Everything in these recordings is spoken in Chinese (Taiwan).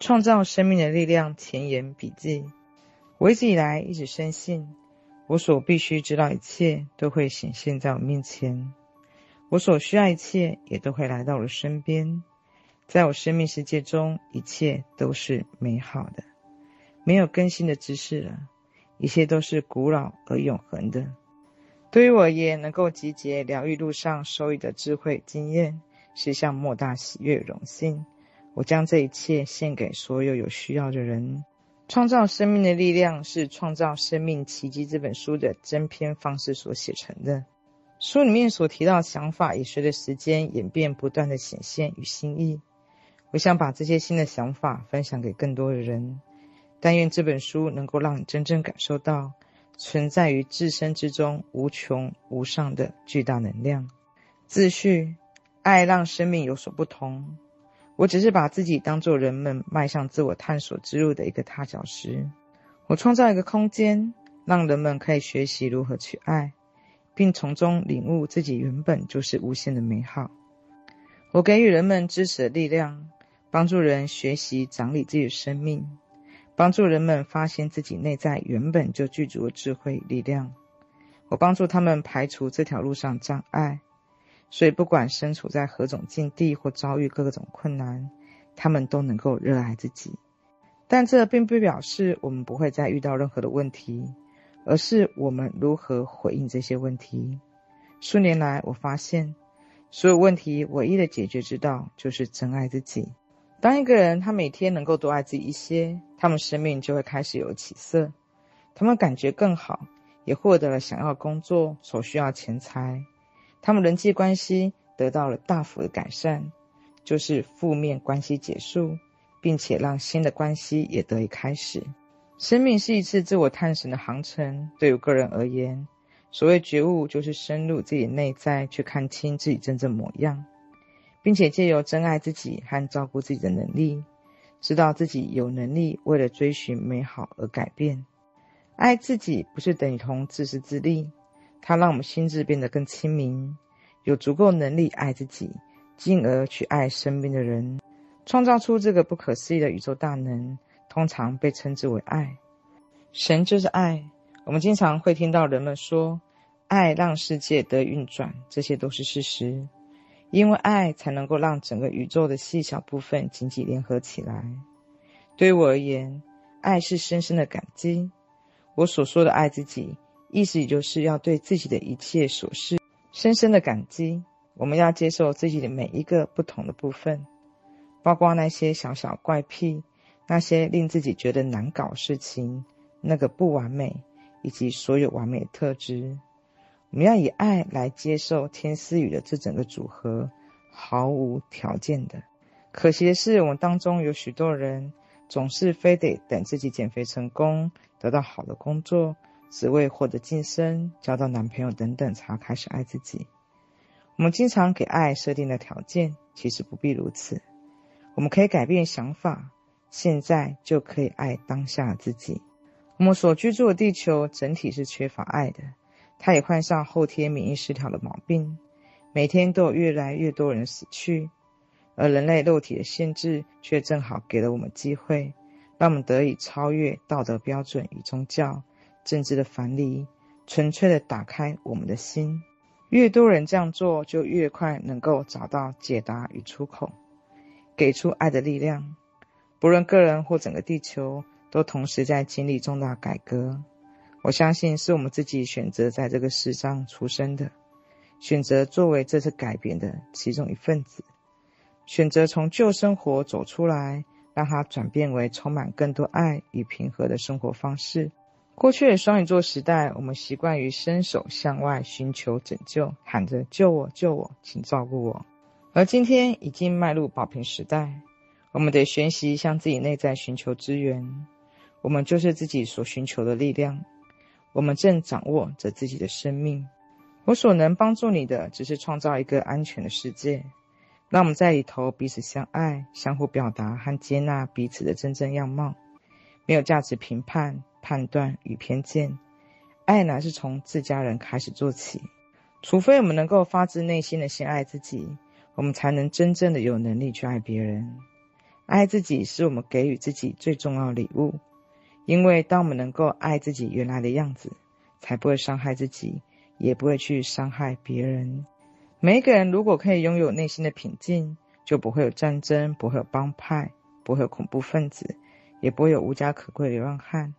創造生命的力量，前言筆記。我一直以來一直深信，我所必須知道一切都會顯現在我面前，我所需要一切也都會來到我身邊。在我生命世界中，一切都是美好的，沒有更新的知識了，一切都是古老而永恆的。對於我也能夠集結療癒路上收益的智慧經驗，是一項莫大喜悅榮幸。我將這一切獻給所有有需要的人。創造生命的力量是《創造生命奇蹟》這本書的增編方式所寫成的。書裡面所提到的想法也隨着時間演變，不斷的顯現與新意。我想把這些新的想法分享給更多的人。但願這本書能夠讓你真正感受到存在於自身之中無窮無上的巨大能量。自序：愛讓生命有所不同。我只是把自己當做人們邁向自我探索之路的一個踏腳石。我創造一個空間，讓人們可以學習如何去愛，並從中領悟自己原本就是無限的美好。我給予人們支持的力量，幫助人學習整理自己的生命，幫助人們發現自己內在原本就具足的智慧力量。我幫助他們排除這條路上障礙。所以，不管身處在何種境地或遭遇各種困難，他們都能夠熱愛自己。但這並不表示我們不會再遇到任何的問題，而是我們如何回應這些問題。數年來，我發現，所有問題唯一的解決之道就是珍愛自己。當一個人他每天能夠多愛自己一些，他們生命就會開始有起色，他們感覺更好，也獲得了想要工作所需要錢財。他們人際關係得到了大幅的改善，就是負面關係結束，並且讓新的關係也得以開始。生命是一次自我探尋的航程。對於個人而言，所謂覺悟，就是深入自己內在，去看清自己真正模樣，並且借由珍愛自己和照顧自己的能力，知道自己有能力為了追尋美好而改變。愛自己不是等於同自私自利，它讓我們心智變得更清明。有足夠能力愛自己，進而去愛身邊的人，創造出這個不可思議的宇宙大能，通常被稱之為愛。神就是愛。我們經常會聽到人們說，愛讓世界得運轉，這些都是事實。因為愛才能夠讓整個宇宙的細小部分緊緊聯合起來。對於我而言，愛是深深的感激。我所說的愛自己，意思也就是要對自己的一切所示。深深的感激，我們要接受自己的每一個不同的部分，包括那些小小怪癖、那些令自己覺得難搞事情、那個不完美，以及所有完美的特質。我們要以愛來接受天賜予的這整個組合，毫無條件的。可惜的是，我們當中有許多人總是非得等自己減肥成功，得到好的工作，只為獲得晉升，交到男朋友等等，才開始愛自己。我們經常給愛設定的條件，其實不必如此。我們可以改變想法，現在就可以愛當下的自己。我們所居住的地球整體是缺乏愛的，它也患上後天免疫失調的毛病。每天都有越來越多人死去，而人類肉體的限制卻正好給了我們機會，讓我們得以超越道德標準與宗教，政治的藩籬，純粹的打開我們的心，越多人這樣做，就越快能夠找到解答與出口，給出愛的力量。不論個人或整個地球，都同時在經歷重大改革。我相信是我們自己選擇在這個世上出生的，選擇作為這次改變的其中一份子，選擇從舊生活走出來，讓它轉變為充滿更多愛與平和的生活方式。過去的雙魚座時代，我們習慣於伸手向外尋求拯救，喊着“救我，救我，請照顧我”。而今天已經邁入寶瓶時代，我們得學習向自己內在尋求資源。我們就是自己所尋求的力量。我們正掌握着自己的生命。我所能幫助你的，只是創造一個安全的世界。讓我們在裡頭彼此相愛，相互表達和接納彼此的真正樣貌，沒有價值評判。判斷與偏見，愛乃是從自家人開始做起。除非我們能夠發自內心的先愛自己，我們才能真正的有能力去愛別人。愛自己是我們給予自己最重要的禮物，因為當我們能夠愛自己原來的樣子，才不會傷害自己，也不會去傷害別人。每一個人如果可以擁有內心的平靜，就不會有戰爭，不會有幫派，不會有恐怖分子，也不會有無家可歸的流浪漢。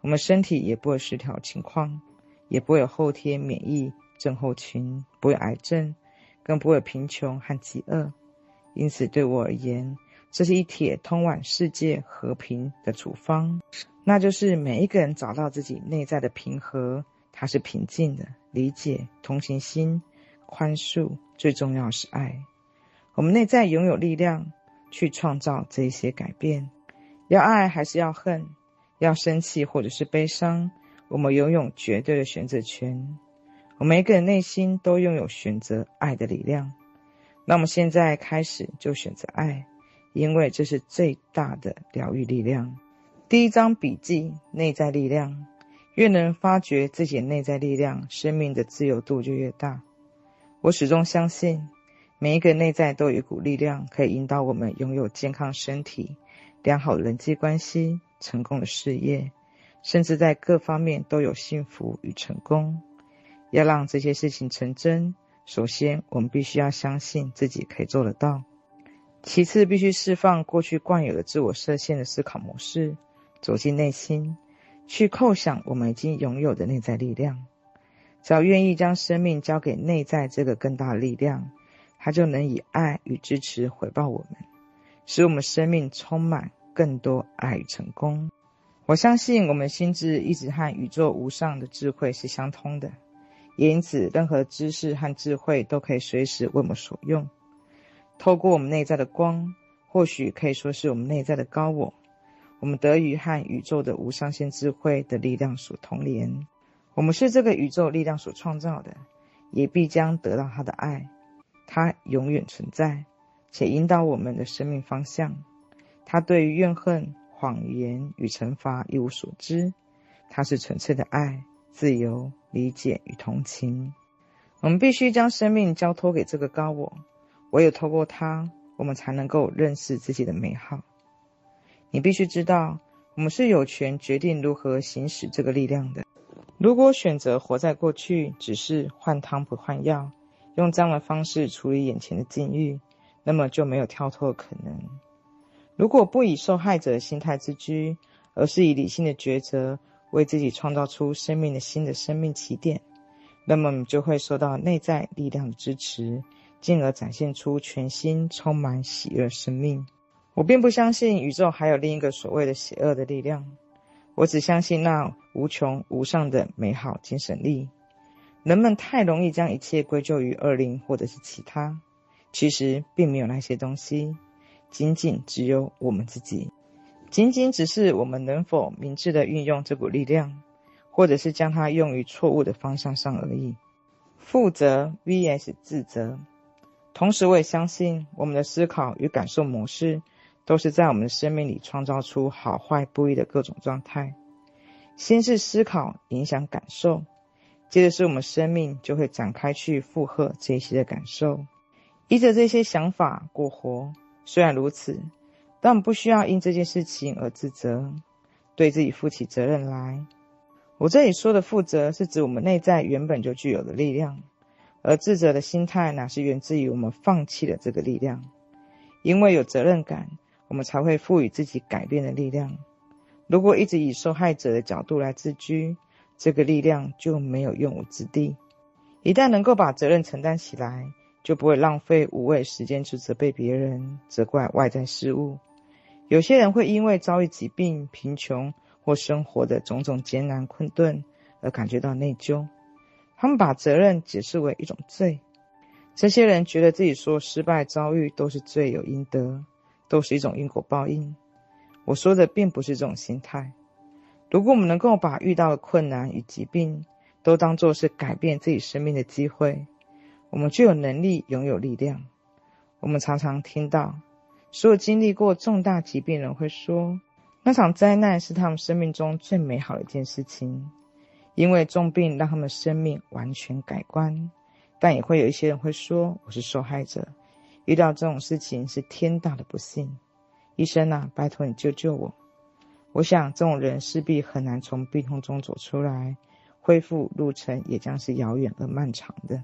我們身體也不會失調情況，也不會有後天免疫症候群，不會有癌症，更不會有貧窮和飢餓。因此，對我而言，這是一帖通往世界和平的處方，那就是每一個人找到自己內在的平和，它是平靜的、理解、同情心、寬恕，最重要是愛。我們內在擁有力量去創造這些改變，要愛還是要恨？要生氣或者是悲傷，我們擁有絕對的選擇權。我們每一個人內心都擁有選擇愛的力量。那我們現在開始就選擇愛，因為這是最大的療癒力量。第一章筆記：內在力量，越能發掘自己的內在力量，生命的自由度就越大。我始終相信，每一個內在都有一股力量，可以引導我們擁有健康身體、良好的人際關係，成功的事業，甚至在各方面都有幸福與成功。要讓這些事情成真，首先我們必須要相信自己可以做得到；其次，必須釋放過去慣有的自我設限的思考模式，走進內心，去叩響我們已經擁有的內在力量。只要願意將生命交給內在這個更大的力量，它就能以愛與支持回報我們，使我們生命充滿。更多愛與成功，我相信我們心智一直和宇宙無上的智慧是相通的，也因此任何知識和智慧都可以隨時為我們所用。透過我們內在的光，或許可以說是我們內在的高我，我們得與和宇宙的無上限智慧的力量所同聯。我們是這個宇宙力量所創造的，也必將得到它的愛。它永遠存在，且引導我們的生命方向。他對於怨恨、謊言與懲罰一無所知，他是純粹的愛、自由、理解與同情。我們必須將生命交托給這個高我，唯有透過他，我們才能夠認識自己的美好。你必須知道，我們是有權決定如何行使這個力量的。如果選擇活在過去，只是換湯不換藥，用這樣的方式處理眼前的境遇，那麼就沒有跳脫的可能。如果不以受害者的心態自居，而是以理性的抉擇為自己創造出生命的新的生命起點，那麼你就會受到內在力量的支持，進而展現出全新充滿喜悅生命。我並不相信宇宙還有另一個所謂的邪惡的力量，我只相信那無窮無上的美好精神力。人們太容易將一切歸咎於惡靈或者是其他，其實並沒有那些東西。僅僅只有我們自己，僅僅只是我們能否明智的運用這股力量，或者是將它用於錯誤的方向上而已。負責 vs 自責。同時，我也相信我們的思考與感受模式，都是在我們的生命裡創造出好壞不一的各種狀態。先是思考影響感受，接着是我們生命就會展開去負荷這些的感受，依着這些想法過活。雖然如此，但我們不需要因這件事情而自責，對自己負起責任來。我這裡說的負責，是指我們內在原本就具有的力量，而自責的心態，乃是源自於我們放棄了這個力量。因為有責任感，我們才會賦予自己改變的力量。如果一直以受害者的角度來自居，這個力量就沒有用武之地。一旦能夠把責任承擔起來，就不會浪費無謂時間去責備別人、責怪外在事物。有些人會因為遭遇疾病、貧窮或生活的種種艱難困頓而感覺到內疚，他們把責任解釋為一種罪。這些人覺得自己說失敗、遭遇都是罪有應得，都是一種因果報應。我說的並不是這種心態。如果我們能夠把遇到的困難與疾病都當作是改變自己生命的機會。我們具有能力擁有力量。我們常常聽到，所有經歷過重大疾病人會說，那場災難是他們生命中最美好的一件事情，因為重病讓他們生命完全改觀。但也會有一些人會說：“我是受害者，遇到這種事情是天大的不幸。”醫生啊，拜托你救救我！我想，這種人勢必很難從病痛中走出來，恢復路程也將是遙遠而漫長的。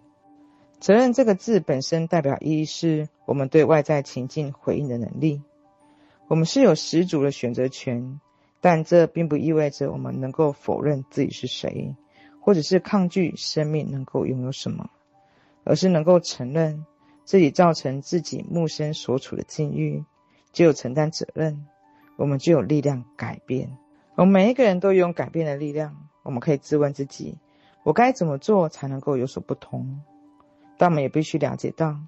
責任這個字本身代表意義是我們對外在情境回應的能力，我們是有十足的選擇權，但這並不意味着我們能夠否認自己是誰，或者是抗拒生命能夠擁有什麼，而是能夠承認自己造成自己目前所處的境遇。只有承擔責任，我們就有力量改變。我們每一個人都有改變的力量。我們可以自問自己，我該怎麼做才能夠有所不同？但我們也必須了解到，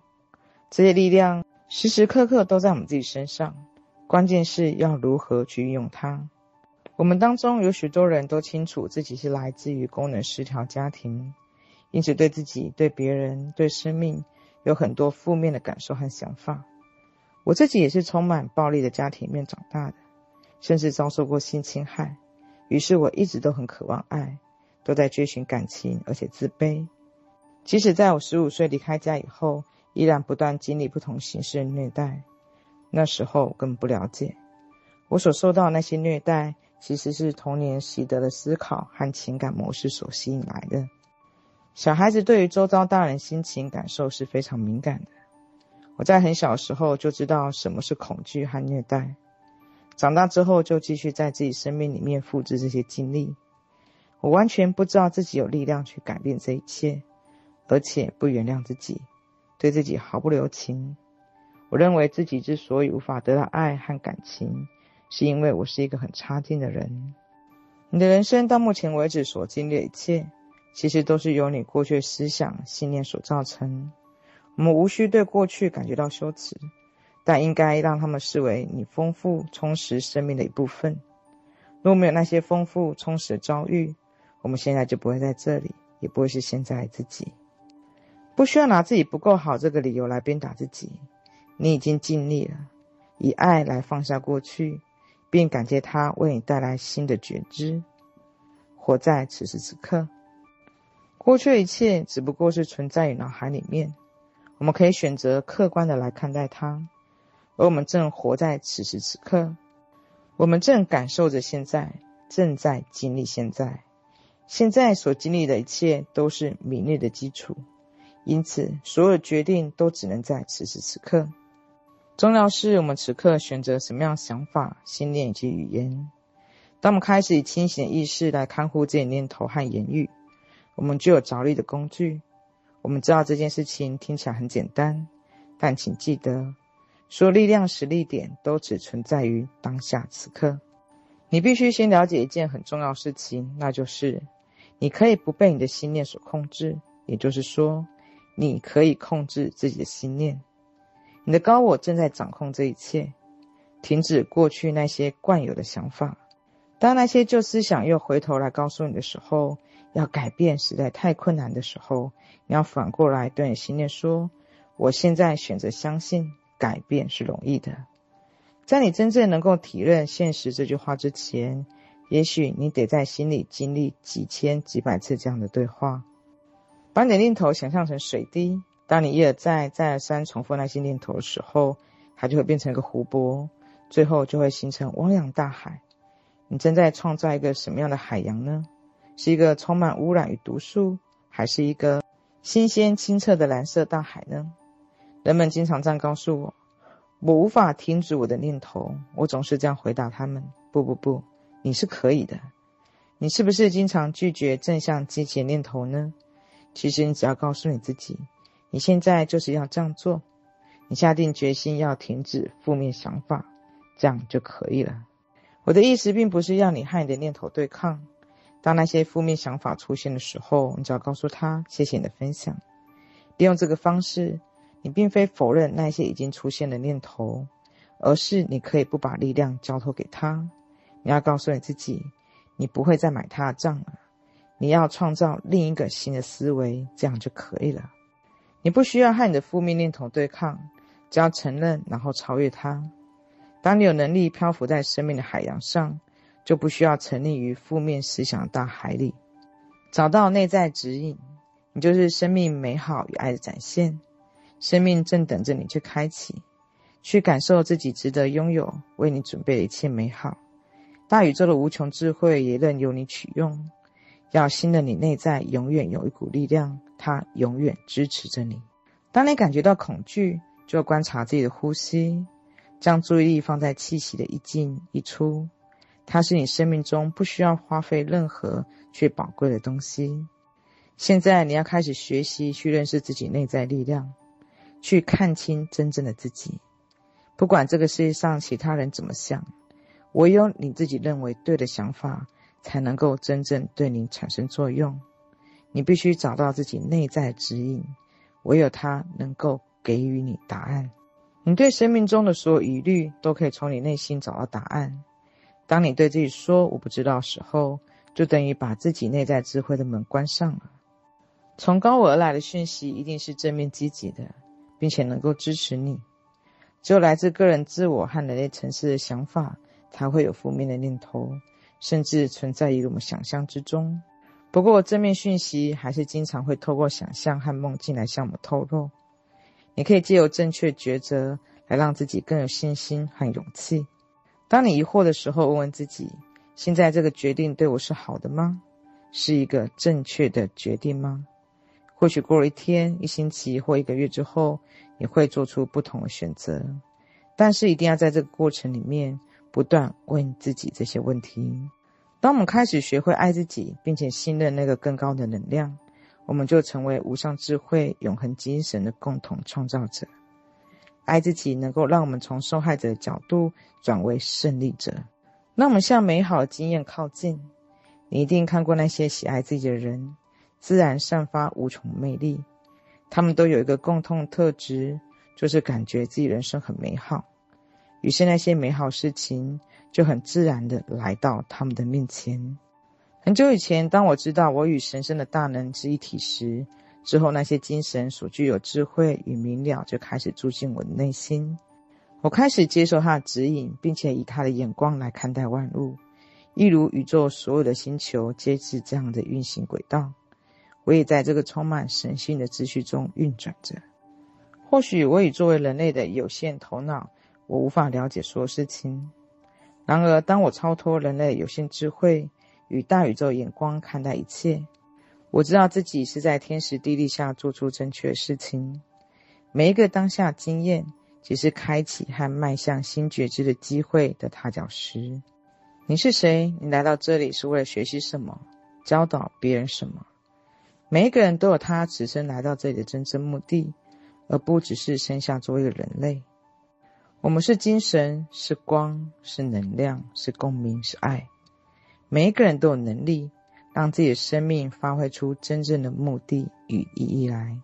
這些力量時時刻刻都在我們自己身上，關鍵是要如何去運用它。我們當中有許多人都清楚自己是來自於功能失調家庭，因此對自己、對別人、對生命有很多負面的感受和想法。我自己也是充滿暴力的家庭裡面長大的，甚至遭受過性侵害，於是我一直都很渴望愛，都在追尋感情，而且自卑。即使在我十五歲離開家以後，依然不斷經歷不同形式的虐待。那時候我根本不了解，我所受到那些虐待其實是童年習得的思考和情感模式所吸引來的。小孩子對於周遭大人心情感受是非常敏感的。我在很小的時候就知道什麼是恐懼和虐待，長大之後就繼續在自己生命裡面複製這些經歷。我完全不知道自己有力量去改變這一切。而且不原諒自己，對自己毫不留情。我認為自己之所以無法得到愛和感情，是因為我是一個很差勁的人。你的人生到目前為止所經歷的一切，其實都是由你過去的思想信念所造成。我們無需對過去感覺到羞恥，但應該讓他們視為你豐富充實生命的一部分。如果沒有那些豐富充實的遭遇，我們現在就不會在這裡，也不會是現在的自己。不需要拿自己不夠好這個理由來鞭打自己，你已經盡力了。以愛來放下過去，並感謝它為你帶來新的覺知，活在此時此刻。過去的一切只不過是存在於腦海裡面，我們可以選擇客觀地來看待它。而我們正活在此時此刻，我們正感受着現在，正在經歷現在。現在所經歷的一切都是明日的基礎。因此，所有的決定都只能在此時此刻。重要是我們此刻選擇什麼樣想法、信念以及語言。當我們開始以清醒的意識來看護自己念頭和言語，我們具有着力的工具。我們知道這件事情聽起來很簡單，但請記得，所有力量、施力點都只存在於當下此刻。你必須先了解一件很重要事情，那就是你可以不被你的信念所控制，也就是說。你可以控制自己的心念，你的高我正在掌控這一切。停止過去那些慣有的想法，當那些舊思想又回頭來告訴你的時候，要改變實在太困難的時候，你要反過來對你心念說：“我現在選擇相信，改變是容易的。”在你真正能夠體認“現實”這句話之前，也許你得在心裡經歷幾千、幾百次這樣的對話。把你的念頭想象成水滴，當你一而再、再而三重複那些念頭的時候，它就會變成一個湖泊，最後就會形成汪洋大海。你正在創造一個什麼樣的海洋呢？是一個充滿污染與毒素，還是一個新鮮清澈的藍色大海呢？人們經常這樣告訴我：“我無法停止我的念頭。”我總是這樣回答他們：“不，不，不，你是可以的。”你是不是經常拒絕正向積極念頭呢？其實你只要告訴你自己，你現在就是要這樣做，你下定決心要停止負面想法，這樣就可以了。我的意思並不是讓你和你的念頭對抗。當那些負面想法出現的時候，你只要告訴他：“謝謝你的分享。”利用這個方式，你並非否認那些已經出現的念頭，而是你可以不把力量交托給他。你要告訴你自己，你不會再買他的賬了。你要創造另一個新的思維，這樣就可以了。你不需要和你的負面念頭對抗，只要承認，然後超越它。當你有能力漂浮在生命的海洋上，就不需要沉溺於負面思想的大海裡。找到內在指引，你就是生命美好與愛的展現。生命正等着你去開啟，去感受自己值得擁有，為你準備的一切美好。大宇宙的無窮智慧也任由你取用。要新的，你內在永遠有一股力量，它永遠支持着你。當你感覺到恐懼，就要觀察自己的呼吸，將注意力放在氣息的一進一出。它是你生命中不需要花費任何卻寶貴的東西。現在你要開始學習去認識自己內在力量，去看清真正的自己。不管這個世界上其他人怎麼想，唯有你自己認為對的想法，才能夠真正對你產生作用。你必須找到自己內在的指引，唯有它能夠給予你答案。你對生命中的所有疑慮都可以從你內心找到答案。當你對自己說“我不知道”的時候，就等於把自己內在智慧的門關上了。從高我而來的訊息一定是正面積極的，並且能夠支持你。只有來自個人自我和人類層次的想法，才會有負面的念頭。甚至存在於我們想象之中。不過，正面訊息還是經常會透過想象和夢境來向我們透露。你可以藉由正確抉擇來讓自己更有信心和勇氣。當你疑惑的時候，問問自己：現在這個決定對我是好的嗎？是一個正確的決定嗎？或許過了一天、一星期或一個月之後，你會做出不同的選擇。但是，一定要在這個過程裡面。不斷問自己這些問題。當我們開始學會愛自己，並且信任那個更高的能量，我們就成為無上智慧、永恆精神的共同創造者。愛自己能夠讓我們從受害者的角度轉為勝利者，那我們向美好的經驗靠近。你一定看過那些喜愛自己的人，自然散發無窮魅力。他們都有一個共同特質，就是感覺自己人生很美好。於是那些美好事情就很自然地來到他們的面前。很久以前，當我知道我與神聖的大能是一體時，之後那些精神所具有智慧與明了就開始住進我的內心。我開始接受他的指引，並且以他的眼光來看待萬物，一如宇宙所有的星球皆是這樣的運行軌道。我也在這個充滿神性的秩序中運轉着。或許我已作為人類的有限頭腦。我無法了解所有事情，然而，當我超脫人類有限智慧與大宇宙眼光看待一切，我知道自己是在天時地利下做出正確的事情。每一個當下經驗，即是開啟和邁向新覺知的機會的踏腳石。你是誰？你來到這裡是為了學習什麼？教導別人什麼？每一個人都有他此生來到這裡的真正目的，而不只是生下作為一個人類。我們是精神，是光，是能量，是共鳴，是愛。每一個人都有能力，讓自己的生命發揮出真正的目的與意義來。